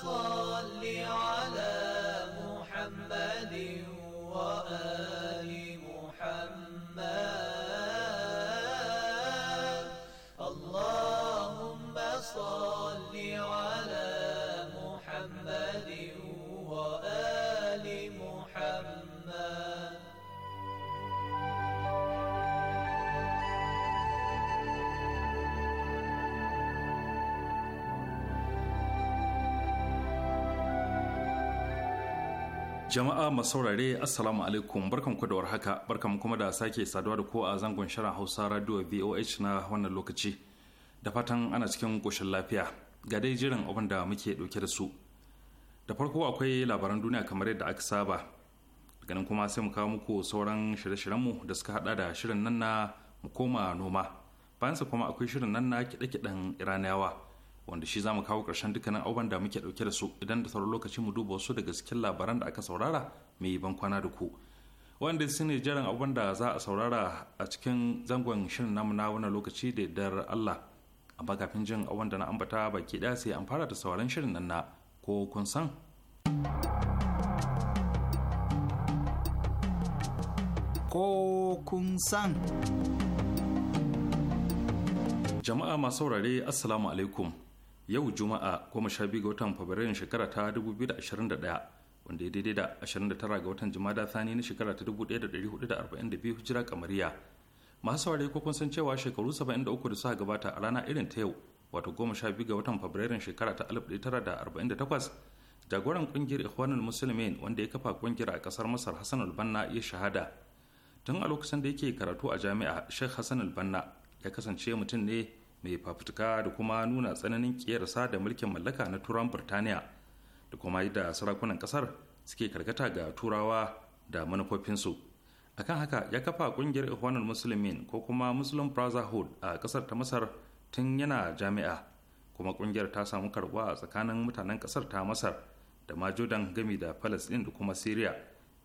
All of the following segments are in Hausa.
صل على Jama'a masaurare Assalamu alaikum barkan ku da warhaka barkanku kuma da sake saduwa da ku a zangon shirin Hausa Radio VOH na wannan lokaci. Da fatan ana cikin ƙoshin lafiya ga dai jiran abin da muke ɗauke da su. Da farko akwai labaran duniya kamar yadda aka saba. ganin kuma sai mu kawo muku sauran shirye-shiryenmu da suka hada da shirin nan na mu koma noma. bayan sa kuma akwai shirin nan na kiɗe-kiɗen Iraniyawa. wanda shi za mu kawo ƙarshen dukkanin auban da muke ɗauke da su idan da sauran lokacin mu duba wasu daga cikin labaran da aka saurara mai ban kwana da ku wanda su ne jiran abin da za a saurara a cikin zangon shirin namu na wani lokaci da dar Allah amma kafin jin abin da na ambata baki ɗaya sai an fara da sauran shirin nan na ko kun san ko kun san. Jama'a masu saurare Assalamu alaikum yau juma'a goma sha biyu ga watan fabrairun shekara ta 2021 wanda ya daidai da 29 ga watan jimada thani na shekara ta 1442 hijira kamariya masu saurari ko kun san cewa shekaru 73 da suka gabata a rana irin ta yau wato goma sha biyu ga watan fabrairun shekara ta 1948 jagoran kungiyar ikhwanul musulmin wanda ya kafa kungiyar a kasar masar hassan albanna ya shahada tun a lokacin da yake karatu a jami'a sheikh hassan albanna ya kasance mutum ne mai fafutuka da kuma nuna tsananin ƙiyarsa da mulkin mallaka na turan Birtaniya, da kuma yadda sarakunan ƙasar suke karkata ga turawa da manufofinsu akan haka ya kafa ƙungiyar ikhwanul musulmin ko kuma muslim brotherhood a ƙasar ta masar tun yana jami'a kuma ƙungiyar ta samu karbuwa a tsakanin mutanen ƙasar ta masar da ma jordan gami da palestine da kuma syria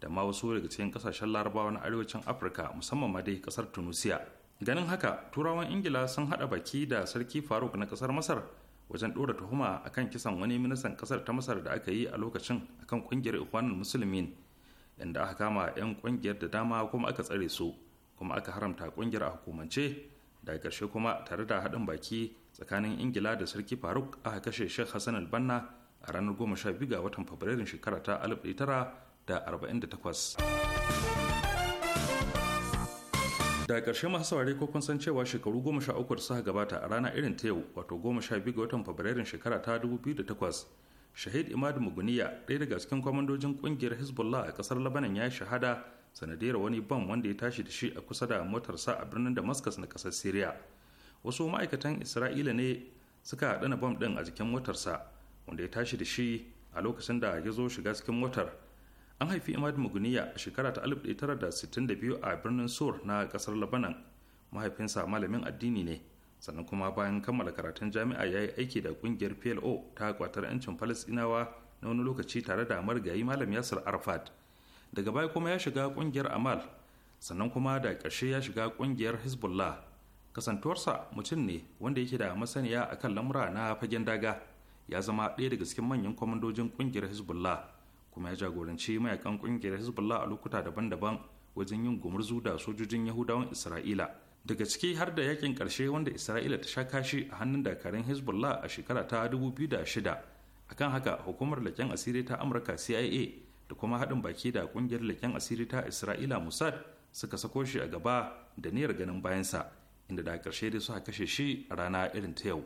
da ma wasu daga cikin ƙasashen larabawa na arewacin afirka musamman ma dai ƙasar tunisia ganin haka turawan ingila sun haɗa baki da sarki faruk na ƙasar masar wajen ɗora tuhuma akan kisan wani ministan ƙasar ta masar da aka yi a lokacin kan ƙungiyar ikhwanul musulmin inda aka kama 'yan ƙungiyar da dama kuma aka tsare su kuma aka haramta ƙungiyar a hukumance da karshe kuma tare da haɗin baki tsakanin ingila da sarki faruk aka kashe sheikh hassan albanna a ranar goma sha biyu ga watan fabrairun shekara ta 1948 da ƙarshe masu saurare ko kun san cewa shekaru goma sha uku da suka gabata a rana irin ta yau wato goma sha biyu ga watan fabrairun shekara ta dubu biyu da takwas shahid imad muguniya ɗaya daga cikin kwamandojin ƙungiyar hezbollah a ƙasar labanan ya shahada sanadiyar wani bam wanda ya tashi da shi a kusa da motarsa a birnin damascus na ƙasar syria wasu ma'aikatan isra'ila ne suka haɗana bam ɗin a jikin motarsa wanda ya tashi da shi a lokacin da ya zo shiga cikin motar an haifi imad muguniya a shekara ta 1962 a birnin sur na kasar labanan mahaifinsa malamin addini ne sannan kuma bayan kammala karatun jami'a ya yi aiki da kungiyar plo ta kwatar 'yancin falasinawa na wani lokaci tare da marigayi malam yasir arfad daga baya kuma ya shiga kungiyar amal sannan kuma da ƙarshe ya shiga kungiyar hezbollah kasantuwarsa mutum ne wanda yake da masaniya akan lamura na fagen daga ya zama ɗaya daga cikin manyan kwamandojin kungiyar hezbollah kuma ya jagoranci mayakan kungiyar hezbollah a lokuta daban-daban wajen yin gumurzu da sojojin yahudawan isra'ila daga ciki har da yakin karshe wanda isra'ila ta sha kashi a hannun dakarun hezbollah a shekara ta 2006 akan haka hukumar leken asiri ta amurka cia da kuma haɗin baki da kungiyar leken asiri ta isra'ila mossad suka sako shi a gaba da niyyar ganin bayansa inda da ƙarshe dai suka kashe shi a rana irin ta yau.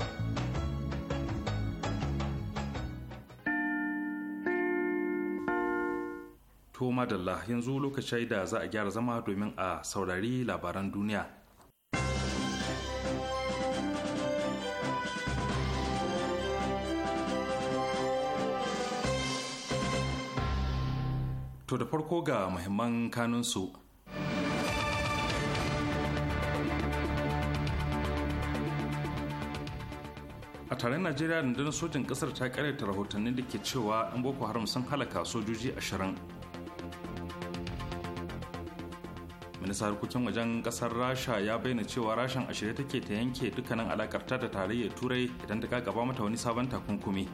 To madalla yanzu lokaci da za a gyara zama domin a saurari labaran duniya. To da farko ga muhimman kanunsu. a taron najeriya rundunar sojin kasar ta karyata rahotannin da ke cewa 'yan boko haram sun halaka sojoji ashirin minista harkokin wajen kasar rasha ya bayyana cewa rashin a shirye take ta yanke dukkanin alakarta da tarayyar turai idan ta gaba mata wani sabon takunkumi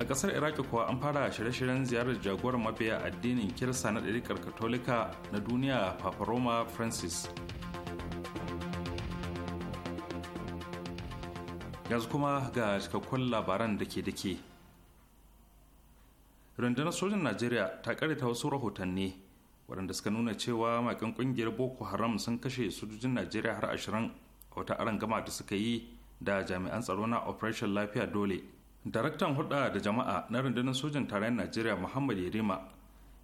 a kasar iraki kuwa an fara shirye-shiryen ziyarar jagorar mabiya addinin kirista na ɗarikar katolika na duniya papa roma francis yanzu kuma ga cikakkun labaran da ke dake rundunar sojin najeriya ta karita wasu rahotanni waɗanda suka nuna cewa makin ƙungiyar boko haram sun kashe sojojin najeriya har ashirin a wata gama da suka yi da jami'an tsaro na operation lafiya dole daraktan hulɗa da jama'a na rundunar sojin tarayyar najeriya muhammad yarima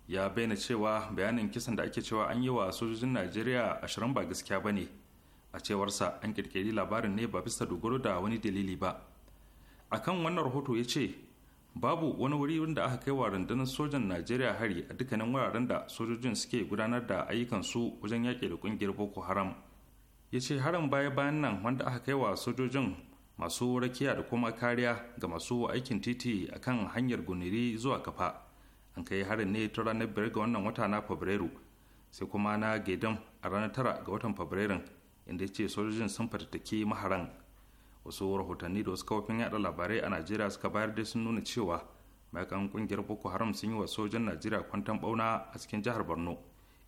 ya bayyana cewa bayanin kisan da ake cewa an yi wa sojojin najeriya ashirin ba gaskiya ba ne a cewarsa an kirkiri labarin ne ba bisa dogaro da wani dalili ba akan wannan rahoto ya ce babu wani wuri wanda aka kai wa rundunar sojan najeriya hari a dukkanin wuraren da sojojin suke gudanar da ayyukansu wajen yaƙi da ƙungiyar boko haram ya ce harin baya bayan nan wanda aka kai wa sojojin masu rakiya da kuma kariya ga masu aikin titi a kan hanyar guniri zuwa kafa an kai harin ne ta ranar biyar ga wannan wata na fabrairu sai kuma na gaidan a ranar tara ga watan fabrairun inda ya ce sojojin sun fatattake maharan wasu rahotanni da wasu kafofin yada labarai a najeriya suka bayar da sun nuna cewa mayakan kungiyar boko haram sun yi wa sojan najeriya kwantan bauna a cikin jihar borno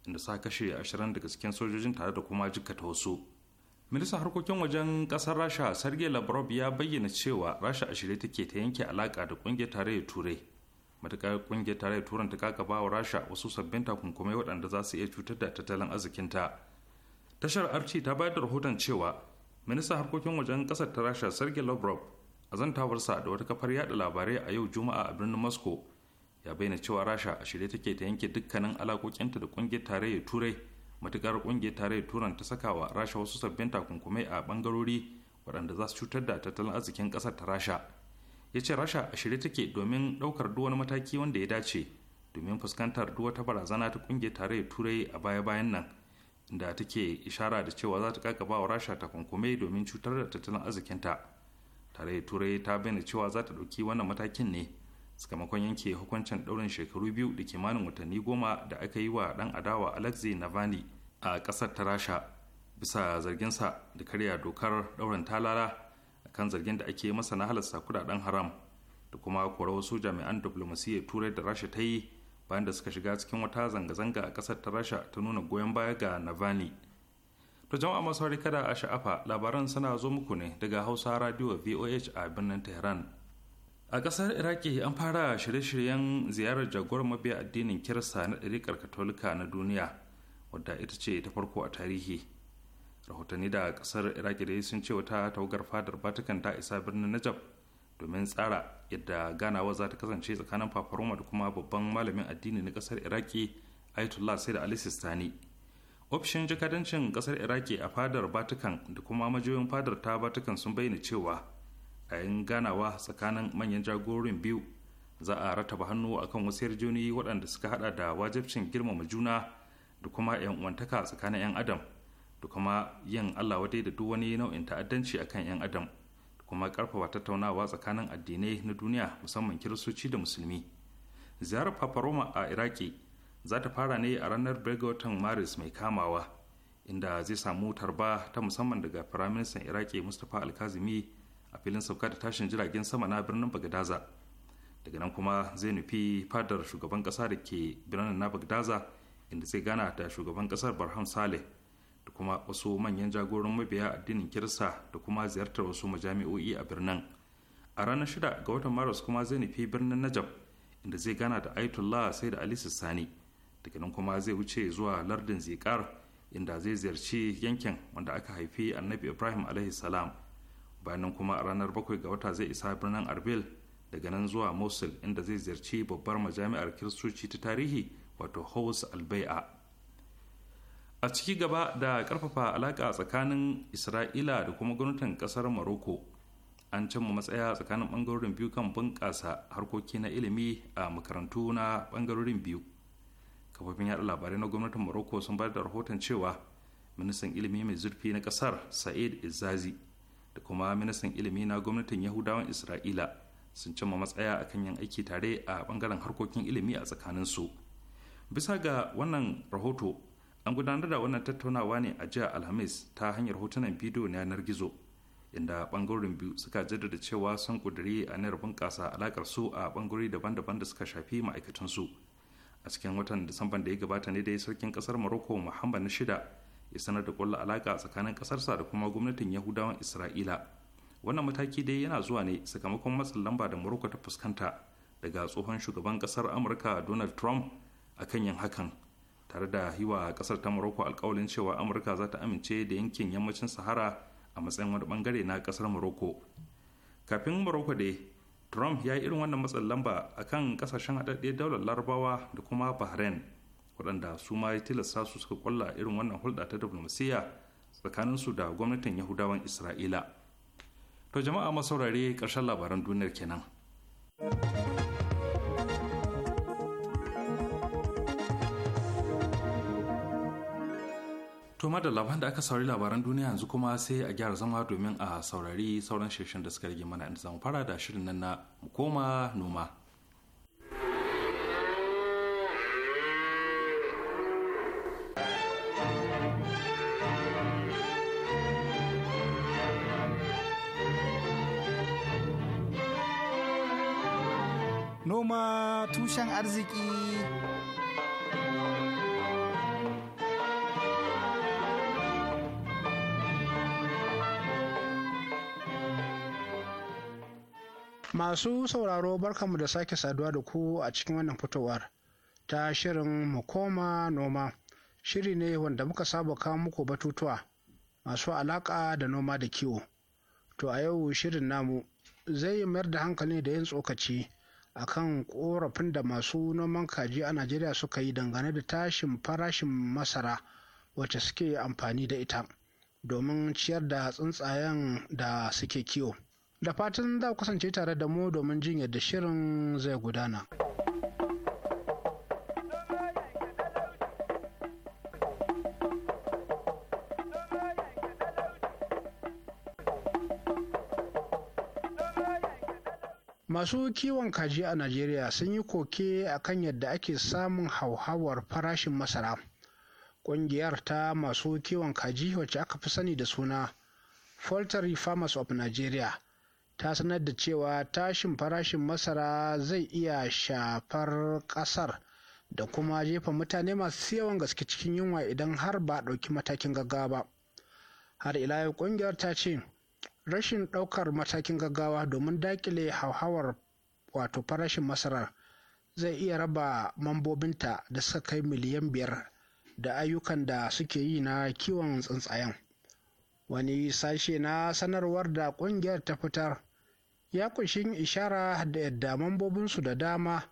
inda sa kashe ashirin daga cikin sojojin tare da kuma jikkata wasu ministan harkokin wajen kasar rasha sarge labarob ya bayyana cewa rasha a shirye take ta yanke alaka da kungiyar tarayyar turai matuƙar kungiyar tarayyar turan ta ba wa rasha wasu sabbin takunkumai waɗanda za su iya cutar da tattalin arzikinta tashar arci ta bayar da rahoton cewa minista harkokin wajen kasar ta rasha sergei lavrov a zantawarsa da wata kafar yada labarai a yau juma'a a birnin moscow ya bayyana cewa rasha a shirye take ta yanke dukkanin alakokinta da kungiyar tarayyar turai matukar kungiyar tarayyar turan ta saka wa rasha wasu sabbin takunkumai a bangarori waɗanda za su cutar da tattalin arzikin ƙasar ta rasha ya ce rasha a shirye take domin ɗaukar duwani mataki wanda ya dace domin fuskantar duk wata barazana ta kungiyar tarayyar turai a baya-bayan nan da take ishara da cewa za ta kakaba wa rasha takunkumai domin cutar da tattalin arzikinta tare da turai ta bayyana cewa za ta ɗauki wannan matakin ne sakamakon yanke hukuncin ɗaurin shekaru biyu da kimanin watanni goma da aka yi wa ɗan adawa alexei navani. a ƙasar ta rasha bisa zarginsa da karya dokar ɗaurin talala kan zargin da ake masa na halasta kudaden haram da kuma korar wasu jami'an diplomasiyyar turai da rasha ta yi bayan da suka shiga cikin wata zanga-zanga a ƙasar ta rasha ta nuna goyon baya ga navani to jama'a masu kada a sha'afa labaran suna zo muku ne daga hausa radio voh a birnin tehran a ƙasar iraki an fara shirye-shiryen ziyarar jagorar mabiya addinin kirista na ɗariƙar katolika na duniya wadda ita ce ta farko a tarihi rahotanni da ƙasar iraki dai sun ce wata tawagar fadar vatican ta isa birnin najaf domin tsara yadda ganawa za ta kasance tsakanin fafaroma da kuma babban malamin addini na kasar iraki ayatollah sai da alisis tani ofishin jakadancin kasar iraki a fadar batukan da kuma majiyoyin fadar ta batukan sun bayyana cewa yayin ganawa tsakanin manyan jagorin biyu za a rataba hannu akan wasu yarjejeniyoyi waɗanda suka hada da wajibcin girmama juna da kuma 'yan uwantaka tsakanin 'yan adam da kuma yin allah wadai da duk wani nau'in ta'addanci akan 'yan adam kuma karfafa tattaunawa tsakanin addinai na duniya musamman kiristoci da musulmi ziyarar papa roma a iraki za ta fara ne a ranar ga watan maris mai kamawa inda zai samu tarba ta musamman daga firaministan iraki mustapha alkazimi a filin sauka da tashin jiragen sama na birnin bagdaza daga nan kuma zai nufi fadar shugaban kasa da ke birnin na bagdaza inda zai gana da shugaban kasar barham saleh da kuma wasu manyan jagoran mabiya addinin kirista da kuma ziyartar wasu majami'o'i a birnin a ranar shida ga watan maris kuma zai nufi birnin najab inda zai gana da ayatollah sai da ali sani daga nan kuma zai wuce zuwa lardin zikar inda zai ziyarci yankin wanda aka haifi annabi ibrahim alaihi salam bayan nan kuma a ranar bakwai ga wata zai isa birnin arbil daga nan zuwa mosul inda zai ziyarci babbar majami'ar kiristoci ta tarihi wato Al albai'a a ciki gaba da karfafa alaƙa tsakanin isra'ila da kuma gwamnatin ƙasar maroko an cimma matsaya tsakanin ɓangarorin biyu kan bunƙasa harkoki na ilimi a makarantu na ɓangarorin biyu kafofin yaɗa labarai na gwamnatin maroko sun bayar da rahoton cewa ministan ilimi mai zurfi na ƙasar sa'id izazi da kuma ministan ilimi na gwamnatin yahudawan isra'ila sun cimma matsaya a kan yin aiki tare a ɓangaren harkokin ilimi a tsakaninsu bisa ga wannan rahoto an gudanar da wannan tattaunawa ne a jiya alhamis ta hanyar hotunan bidiyo na yanar gizo inda bangarorin biyu suka jaddada cewa sun kuduri a nayar bunƙasa alaƙar su a bangarori daban-daban da suka shafi ma'aikatansu a cikin watan disamban da ya gabata ne dai sarkin kasar morocco muhammad na shida ya sanar da kulla alaƙa tsakanin ƙasarsa da kuma gwamnatin yahudawan isra'ila wannan mataki dai yana zuwa ne sakamakon matsin lamba da morocco ta fuskanta daga tsohon shugaban kasar amurka donald trump a kan yin hakan tare da yi wa kasar ta morocco alkawalin cewa amurka za ta amince da yankin yammacin sahara a matsayin wani bangare na kasar morocco kafin morocco dai trump ya yi irin wannan matsin lamba a kan kasashen haɗaɗɗiyar daular larabawa da kuma bahrain waɗanda su ma ya tilasta su suka kwalla irin wannan hulɗa ta diplomasiyya su da gwamnatin yahudawan isra'ila to jama'a masaurare ƙarshen labaran duniyar kenan. thank you Toma da labaran da aka saurari labaran duniya yanzu kuma sai a gyara zama domin a saurari sauran shirin da suka rage mana inda zamu fara da shirin nan na koma noma. Noma tushen arziki Masu sauraro barkanmu da sake saduwa da ku a cikin wannan fitowar ta shirin mu koma noma. Shiri ne wanda muka saba kawo muku batutuwa masu alaka da noma da kiwo. To a yau shirin namu zai yi mayar da hankali da yin tsokaci a kan korafin da masu noman kaji a Najeriya suka yi dangane da tashin farashin masara wacce suke amfani da ita domin ciyar da tsuntsayen da suke kiwo. da fatan za kusance tare da mu domin jin yadda shirin zai gudana. masu kiwon kaji a najeriya sun yi koke a kan yadda ake samun hauhawar farashin masara ƙungiyar ta masu kiwon kaji wacce aka fi sani da suna poultry farmers of nigeria ta sanar da cewa tashin farashin masara zai iya shafar kasar da kuma jefa mutane masu yawan gaske cikin yunwa idan har ba a ɗauki matakin gaggawa ba har ila yau ƙungiyar ta ce rashin ɗaukar matakin gaggawa domin daƙile hauhawar wato farashin masarar zai iya raba mambobinta da suka kai miliyan biyar da ayyukan da suke yi na kiwon tsuntsayen wani sashe na sanarwar da ƙungiyar ta fitar ya ƙunshi ishara da yadda mambobinsu da dama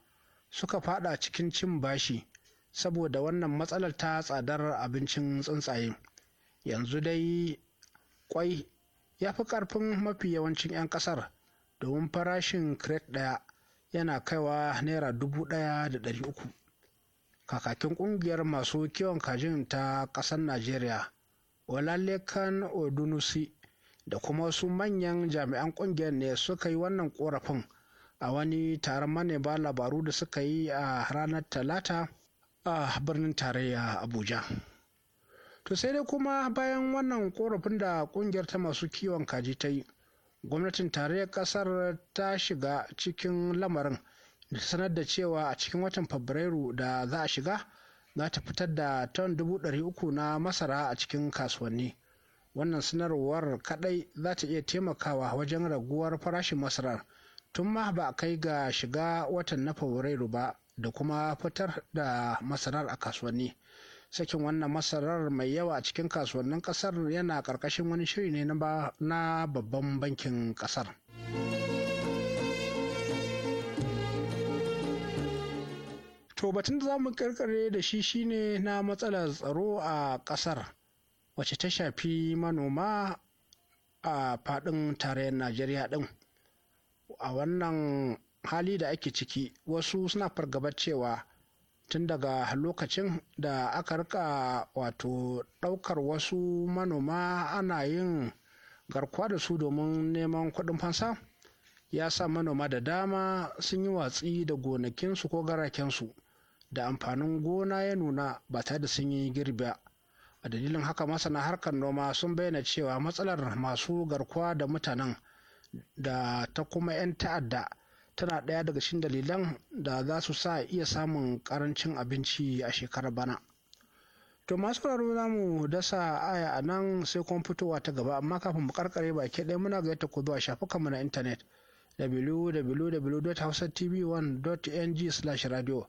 suka faɗa cikin cin bashi saboda wannan matsalar ta tsadar abincin tsuntsaye yanzu dai ƙwai ya fi ƙarfin mafi yawancin 'yan ƙasar, domin farashin crate ɗaya yana kaiwa naira dubu ɗaya da ɗari uku kakakin ƙungiyar masu kiwon kajin ta ƙasar najeriya olalekan odunusi da kuma wasu manyan jami'an ƙungiyar ne suka yi wannan korafin a wani taron manema labaru da suka yi a ranar talata a birnin tarayya abuja to sai dai kuma bayan wannan korafin da ƙungiyar ta masu kiwon kaji ta yi gwamnatin tarayyar ƙasar ta shiga cikin lamarin da sanar da cewa a cikin watan fabrairu da za a shiga za ta fitar da ton uku na masara a cikin kasuwanni wannan sanarwar kadai za ta iya taimakawa wajen raguwar farashin masarar tun ma ba a kai ga shiga watan na fabrairu ba da kuma fitar da masarar a kasuwanni sakin wannan masarar mai yawa a cikin kasuwannin kasar yana karkashin wani shiri ne na babban bankin kasar to batun da za mu karkare da shi shine na matsalar tsaro a kasar wacce ta shafi manoma a faɗin tarayyar najeriya ɗin a wannan hali da ake ciki wasu suna fargabar cewa tun daga lokacin da aka rika wato ɗaukar wasu manoma ana yin garkuwa da su domin neman kuɗin fansa ya sa manoma da dama sun yi watsi da gonakinsu ko garakensu da amfanin gona ya nuna ba tare da sun yi girbi a dalilin haka masana harkar noma sun bayyana cewa matsalar masu garkuwa da mutanen da ta kuma 'yan ta'adda tana ɗaya daga cikin dalilan da za su sa iya samun ƙarancin abinci a shekarar bana to masu sauraro za mu dasa aya a nan sai kuma fitowa ta gaba amma kafin mu karkare baki ɗaya muna ga yadda ku zuwa shafukanmu na intanet www.hausatv1.ng/radio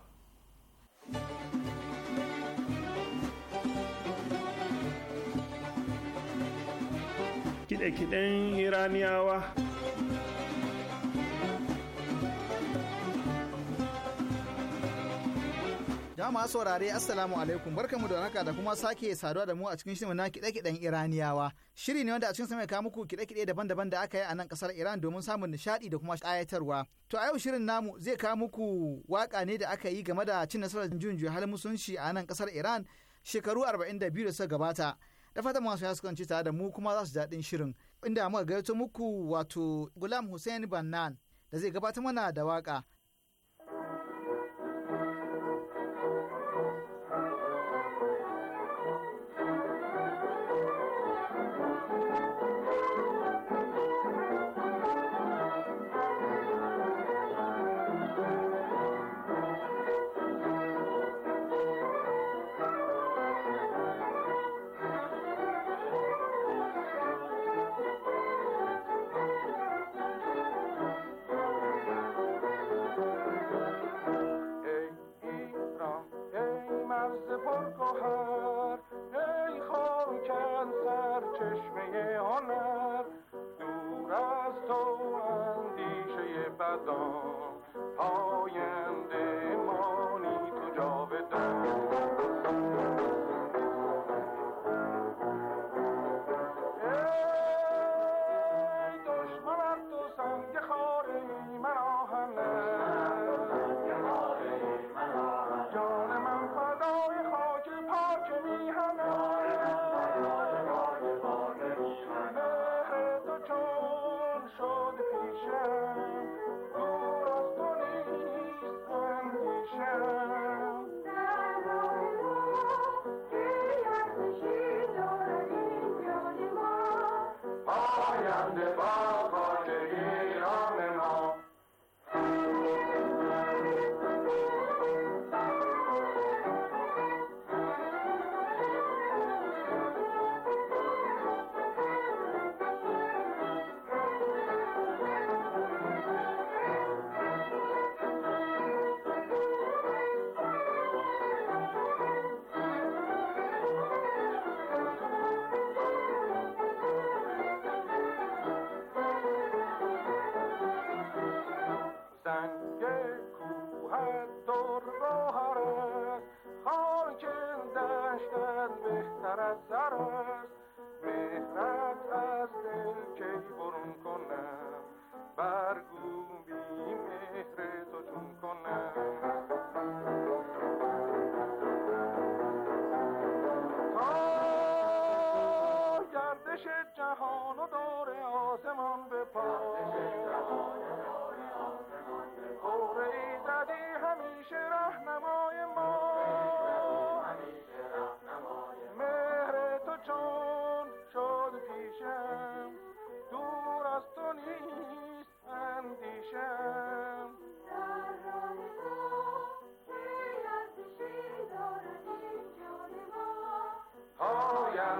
kiɗe-kiɗen iraniyawa Dama saurare Assalamu alaikum barkamu da haka da kuma sake saduwa da mu a cikin shirin na kiɗe-kiɗen Iraniyawa. Shiri ne wanda a cikin sa mai kawo muku kiɗe-kiɗe daban-daban da aka yi a nan kasar Iran domin samun nishaɗi da kuma ayatarwa To a yau shirin namu zai kawo muku waka ne da aka yi game da cin nasarar jin halin musunci a nan kasar Iran shekaru 42 da suka gabata. da fatan masu ya sukan tare da mu kuma za su daɗin shirin inda muka gayyato muku wato gulam hussein bannan da zai gabata mana da waƙa. چشمه هنر دور از تو اندیشه بدان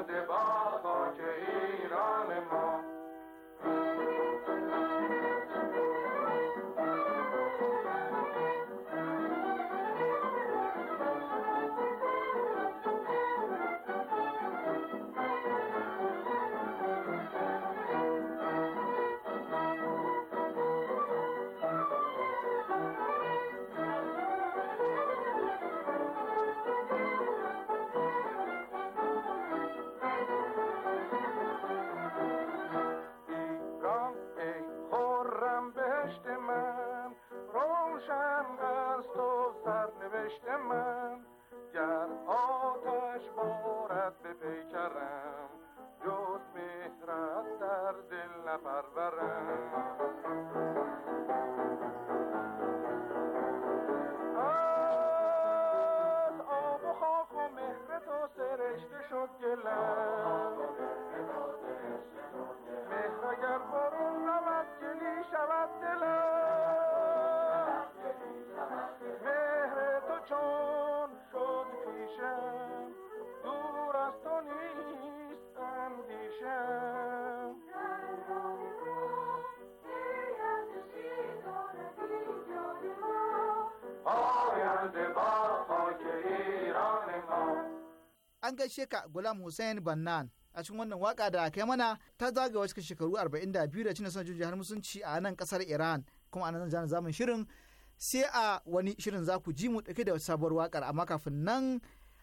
divine. an gaishe ka Gulam Hussein Bannan a cikin wannan waka da kai mana ta zagawa cikin shekaru 42 da cin nasarar jujjuyar har musunci a nan kasar Iran kuma a nan zamun shirin sai a wani shirin za ku ji mu dauke da sabuwar wakar amma kafin nan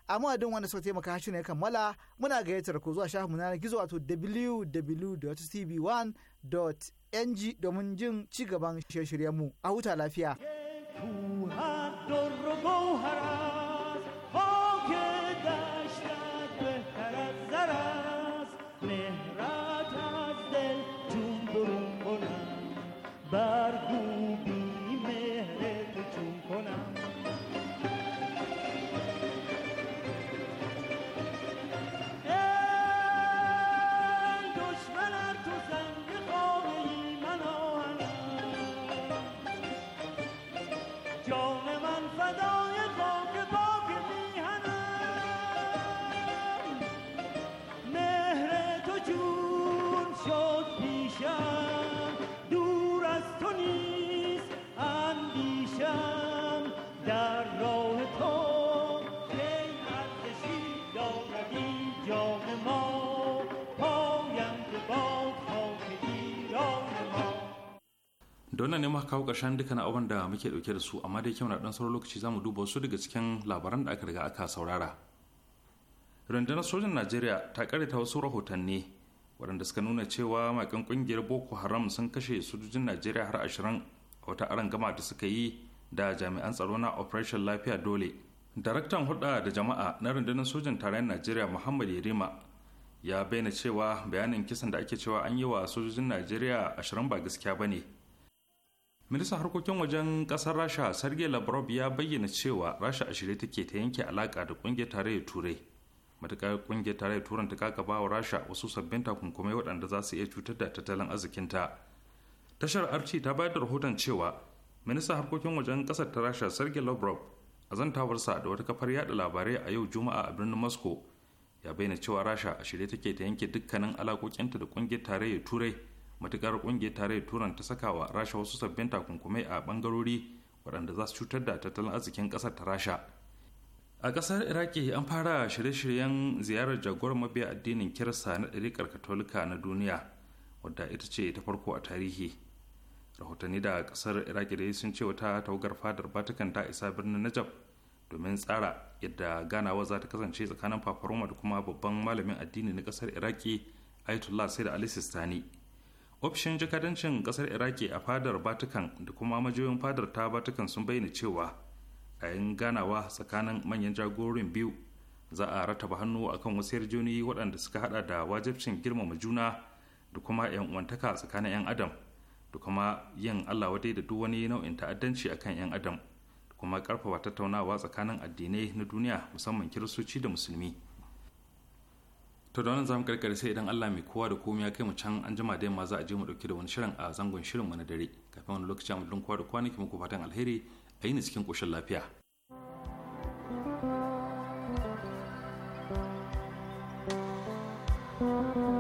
a madadin wanda suka taimaka shi ya kammala muna gayyatar ku zuwa shafin na gizo wato www.tv1.ng domin jin ci gaban shirye-shiryen mu a huta lafiya. muka kawo ƙarshen dukkan abin da muke dauke da su amma dai kyau na dan sauran lokaci zamu duba wasu daga cikin labaran da aka riga aka saurara rundunar sojan najeriya ta ta wasu rahotanni waɗanda suka nuna cewa makin kungiyar boko haram sun kashe sojojin najeriya har ashirin a wata gama da suka yi da jami'an tsaro na operation lafiya dole daraktan hulɗa da jama'a na rundunar sojan tarayyar najeriya muhammad yarima ya bayyana cewa bayanin kisan da ake cewa an yi wa sojojin najeriya ashirin ba gaskiya ba ne ministan harkokin wajen kasar rasha sergei lavrov ya bayyana cewa rasha a shirye take ta yanke alaka da kungiyar tarayyar turai matuƙar kungiyar tarayyar turan ta kaka bawa rasha wasu sabbin takunkumai waɗanda za su iya cutar da tattalin arzikinta tashar arci ta bayar da rahoton cewa ministan harkokin wajen ƙasar ta rasha sergei lavrov a zantawarsa da wata kafar yada labarai a yau juma'a a birnin moscow ya bayyana cewa rasha a shirye take ta yanke dukkanin alakokinta da kungiyar tarayyar turai matukar kungiyar tarayyar turan ta saka wa rasha wasu sabbin takunkumai a bangarori waɗanda za su cutar da tattalin arzikin ƙasar ta rasha a ƙasar iraki an fara shirye-shiryen ziyarar jagorar mabiya addinin kirista na ɗariƙar katolika na duniya wadda ita ce ta farko a tarihi rahotanni da ƙasar iraki dai sun ce wata tawagar fadar batikan ta isa birnin najab domin tsara yadda ganawa za ta kasance tsakanin fafaroma da kuma babban malamin addini na ƙasar iraki ayatollah sai da alisistani ofishin jakadancin kasar iraki a fadar batukan da kuma majiyoyin fadar ta batukan sun bayyana cewa a yin ganawa tsakanin manyan jagorin biyu za a rataba hannu akan wasu yarjejeniyoyi waɗanda suka hada da wajibcin girmama juna da kuma 'yan uwantaka tsakanin 'yan adam da kuma yin allah wadai da duk wani nau'in ta'addanci akan 'yan adam da kuma karfafa tattaunawa tsakanin addinai na duniya musamman kiristoci da musulmi to da wannan zamu karkare sai idan Allah mai kowa da komai ya kai mu can an jima da yamma za a je mu dauki da wani shirin a zangon shirin mu na dare kafin wani lokaci mu dun kowa da kwanaki muku fatan alheri a yi cikin koshin lafiya thank you